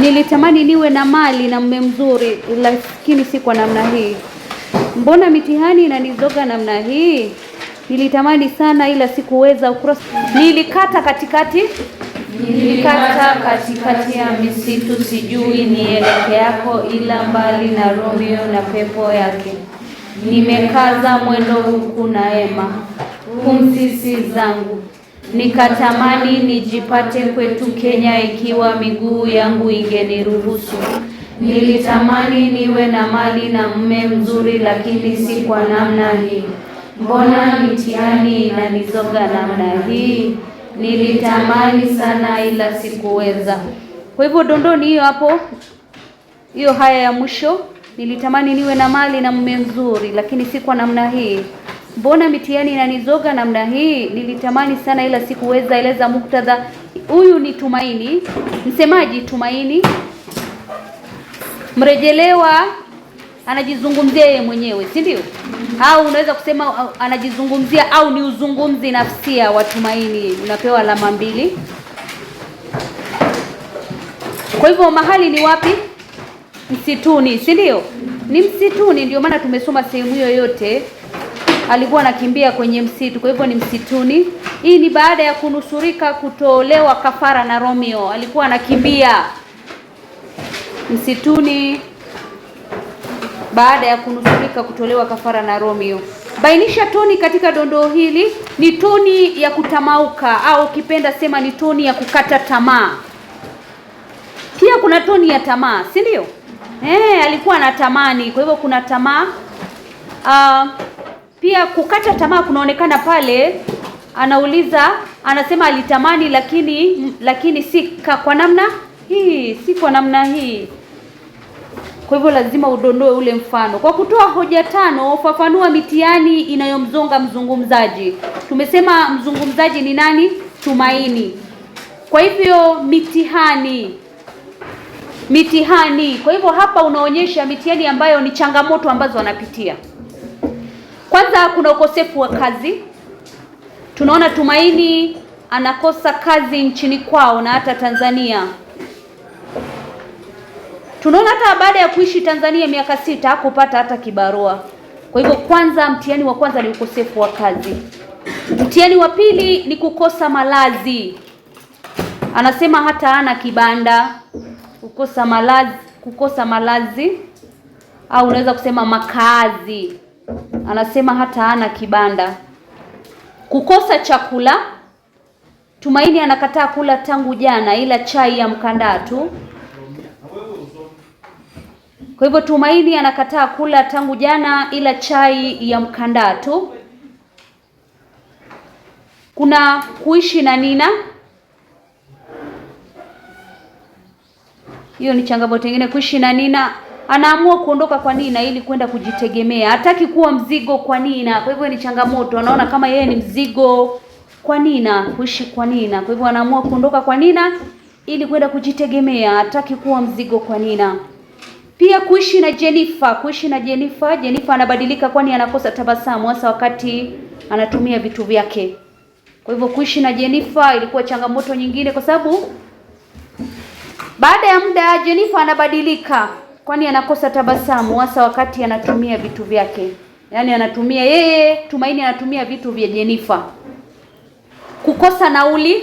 Nilitamani niwe na mali na mme mzuri, lakini si kwa namna hii. Mbona mitihani inanizoga namna hii? Nilitamani sana ila sikuweza. Ukrosi nilikata katikati, nilikata katikati ya misitu, sijui yako ila mbali na Romeo na pepo yake. Nimekaza mwendo huku na ema kumsisi zangu Nikatamani nijipate kwetu Kenya ikiwa miguu yangu ingeniruhusu. Nilitamani niwe na mali na mume mzuri, lakini si kwa namna hii. Mbona mitihani inanizoga namna hii? Nilitamani sana ila sikuweza. Kwa hivyo dondoo ni hiyo hapo, hiyo haya ya mwisho. Nilitamani niwe na mali na mume mzuri, lakini si kwa namna hii mbona mitihani inanizoga namna hii? Nilitamani sana ila sikuweza. Eleza muktadha. Huyu ni Tumaini, msemaji Tumaini mrejelewa anajizungumzia yeye mwenyewe, si ndio? Au unaweza kusema anajizungumzia au ni uzungumzi nafsia wa Tumaini. Unapewa alama mbili. Kwa hivyo mahali ni wapi? Msituni, si ndio? Ni msituni, ndio maana tumesoma sehemu hiyo yote alikuwa anakimbia kwenye msitu, kwa hivyo ni msituni. Hii ni baada ya kunusurika kutolewa kafara na Romeo, alikuwa anakimbia msituni baada ya kunusurika kutolewa kafara na Romeo. Bainisha toni katika dondoo hili. Ni toni ya kutamauka au ukipenda sema ni toni ya kukata tamaa. Pia kuna toni ya tamaa, si ndio? Eh, alikuwa anatamani, kwa hivyo kuna tamaa uh, pia kukata tamaa kunaonekana pale, anauliza anasema alitamani lakini lakini si kwa namna hii, si kwa namna hii. Kwa hivyo lazima udondoe ule mfano. Kwa kutoa hoja tano, fafanua mitihani inayomzonga mzungumzaji. Tumesema mzungumzaji ni nani? Tumaini. Kwa hivyo mitihani, mitihani. Kwa hivyo hapa unaonyesha mitihani ambayo ni changamoto ambazo wanapitia. Kwanza kuna ukosefu wa kazi. Tunaona Tumaini anakosa kazi nchini kwao na hata Tanzania. Tunaona hata baada ya kuishi Tanzania miaka sita hakupata hata kibarua. Kwa hivyo, kwanza mtihani wa kwanza ni ukosefu wa kazi. Mtihani wa pili ni kukosa malazi. Anasema hata hana kibanda, kukosa malazi, kukosa malazi au unaweza kusema makazi anasema hata hana kibanda. Kukosa chakula, Tumaini anakataa kula tangu jana, ila chai ya mkandaa tu. Kwa hivyo Tumaini anakataa kula tangu jana, ila chai ya mkandaa tu. Kuna kuishi na Nina, hiyo ni changamoto nyingine, kuishi na Nina anaamua kuondoka kwa Nina ili kwenda kujitegemea, hataki kuwa mzigo kwa Nina. Kwa hivyo ni changamoto, anaona kama yeye ni mzigo kwa Nina, kuishi kwa Nina. Kwa hivyo anaamua kuondoka kwa Nina ili kwenda kujitegemea, hataki kuwa mzigo kwa Nina. Pia kuishi na Jennifer, kuishi na Jennifer. Jennifer anabadilika, kwani anakosa tabasamu hasa wakati anatumia vitu vyake. Kwa hivyo kuishi na Jennifer ilikuwa changamoto nyingine, kwa sababu baada ya muda Jennifer anabadilika kwani anakosa tabasamu hasa wakati anatumia vitu vyake. Yaani anatumia yeye, Tumaini anatumia vitu vya Jenifa. Kukosa nauli,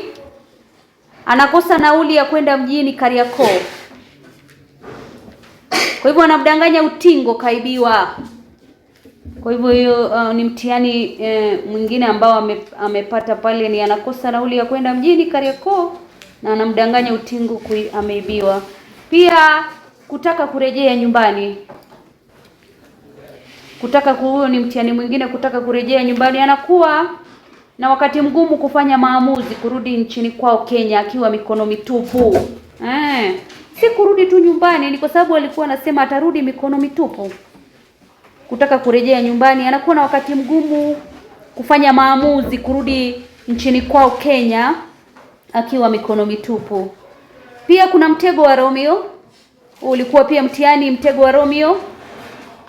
anakosa nauli ya kwenda mjini Kariakoo. Kwa hivyo anamdanganya utingo, kaibiwa. Kwa hivyo hiyo, uh, ni mtihani eh, mwingine ambao ame, amepata pale, ni anakosa nauli ya kwenda mjini Kariakoo na anamdanganya utingo kui, ameibiwa pia kutaka kurejea nyumbani, kutaka huyo ni mtihani mwingine, kutaka kurejea nyumbani. Anakuwa na wakati mgumu kufanya maamuzi kurudi nchini kwao Kenya akiwa mikono mitupu eh. Si kurudi tu nyumbani, ni kwa sababu alikuwa anasema atarudi mikono mitupu. Kutaka kurejea nyumbani, anakuwa na wakati mgumu kufanya maamuzi kurudi nchini kwao Kenya akiwa mikono mitupu. Pia kuna mtego wa Romeo ulikuwa pia mtihani mtego wa Romeo.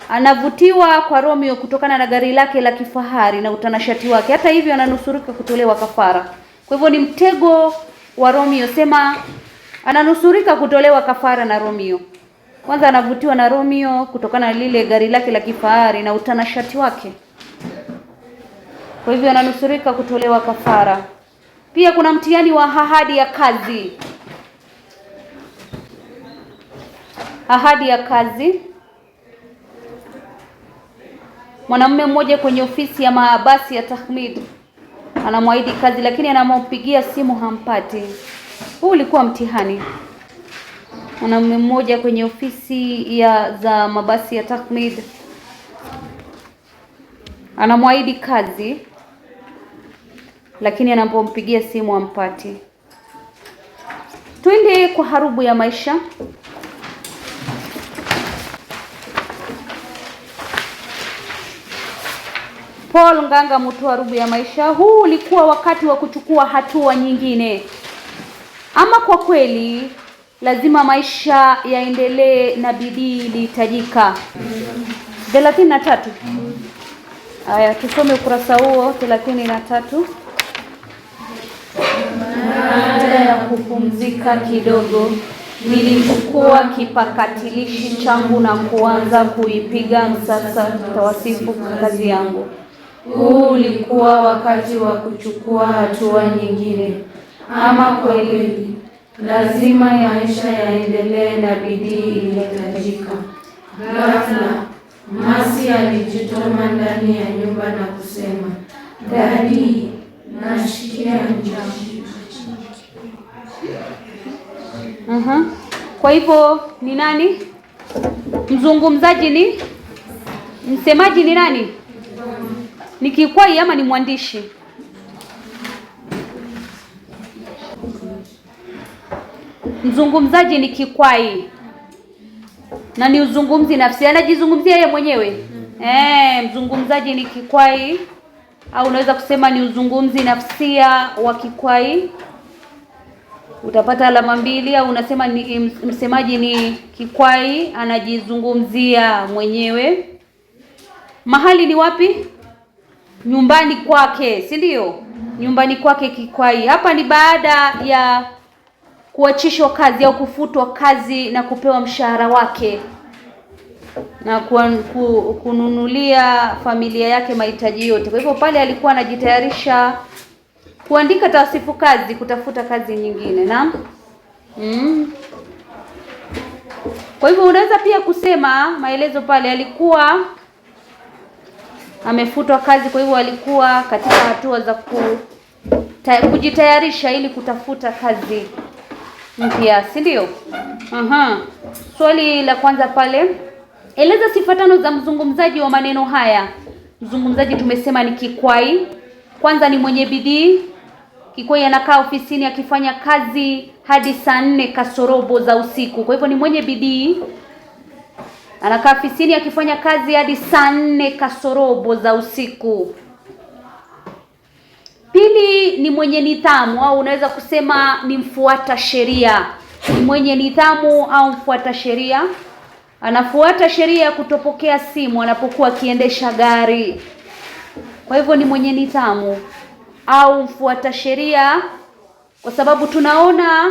Anavutiwa kwa Romeo kutokana na gari lake la kifahari na utanashati wake. Hata hivyo ananusurika kutolewa kafara. Kwa hivyo ni mtego wa Romeo, sema ananusurika kutolewa kafara na Romeo. Kwanza anavutiwa na Romeo kutokana na lile gari lake la kifahari na utanashati wake, kwa hivyo ananusurika kutolewa kafara. Pia kuna mtihani wa ahadi ya kazi. Ahadi ya kazi. Mwanamume mmoja kwenye ofisi ya mabasi ya Tahmid anamwahidi kazi, lakini anamopigia simu hampati. Huu ulikuwa mtihani. Mwanamume mmoja kwenye ofisi ya za mabasi ya Tahmid anamwahidi kazi, lakini anapompigia simu hampati. Twende kwa harubu ya maisha. Paul Nganga rubu ya maisha huu ulikuwa wakati wa kuchukua hatua nyingine. Ama kwa kweli lazima maisha yaendelee na bidii ilihitajika. 33. Aya, tusome ukurasa huo 33. Baada ya kupumzika kidogo, nilichukua kipakatilishi changu na kuanza kuipiga msasa tawasifu kazi yangu. Huu ulikuwa wakati wa kuchukua hatua nyingine. Ama kweli lazima maisha yaendelee na bidii ilihitajika. Ghafla Masi alijitoma ndani ya nyumba na kusema, Dadi, nashikia njaa. Mhm. Kwa hivyo ni nani mzungumzaji? Ni msemaji? Ni nani? ni Kikwai ama ni mwandishi? Mzungumzaji ni Kikwai na ni uzungumzi nafsi, anajizungumzia yeye mwenyewe E, mzungumzaji ni Kikwai au unaweza kusema ni uzungumzi nafsia wa Kikwai, utapata alama mbili. Au unasema ni msemaji ni Kikwai, anajizungumzia mwenyewe. Mahali ni wapi? nyumbani kwake, si ndio? Nyumbani kwake Kikwai. Hapa ni baada ya kuachishwa kazi au kufutwa kazi na kupewa mshahara wake na kununulia familia yake mahitaji yote. Kwa hivyo pale alikuwa anajitayarisha kuandika tawasifu kazi, kutafuta kazi nyingine na mm. Kwa hivyo unaweza pia kusema maelezo pale alikuwa amefutwa kazi, kwa hivyo alikuwa katika hatua za kujitayarisha ili kutafuta kazi mpya, si ndio? Aha. Swali la kwanza pale, eleza sifa tano za mzungumzaji wa maneno haya. Mzungumzaji tumesema ni kikwai. Kwanza ni mwenye bidii. Kikwai anakaa ofisini akifanya kazi hadi saa nne kasorobo za usiku, kwa hivyo ni mwenye bidii anakaa ofisini akifanya kazi hadi saa nne kasorobo za usiku. Pili ni mwenye nidhamu au unaweza kusema ni mfuata sheria. Ni mwenye nidhamu au mfuata sheria, anafuata sheria ya kutopokea simu anapokuwa akiendesha gari. Kwa hivyo ni mwenye nidhamu au mfuata sheria, kwa sababu tunaona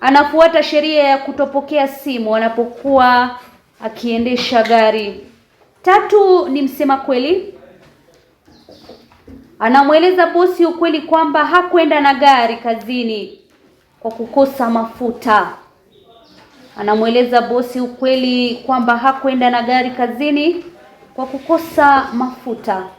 anafuata sheria ya kutopokea simu anapokuwa akiendesha gari. Tatu ni msema kweli, anamweleza bosi ukweli kwamba hakwenda na gari kazini kwa kukosa mafuta. Anamweleza bosi ukweli kwamba hakwenda na gari kazini kwa kukosa mafuta.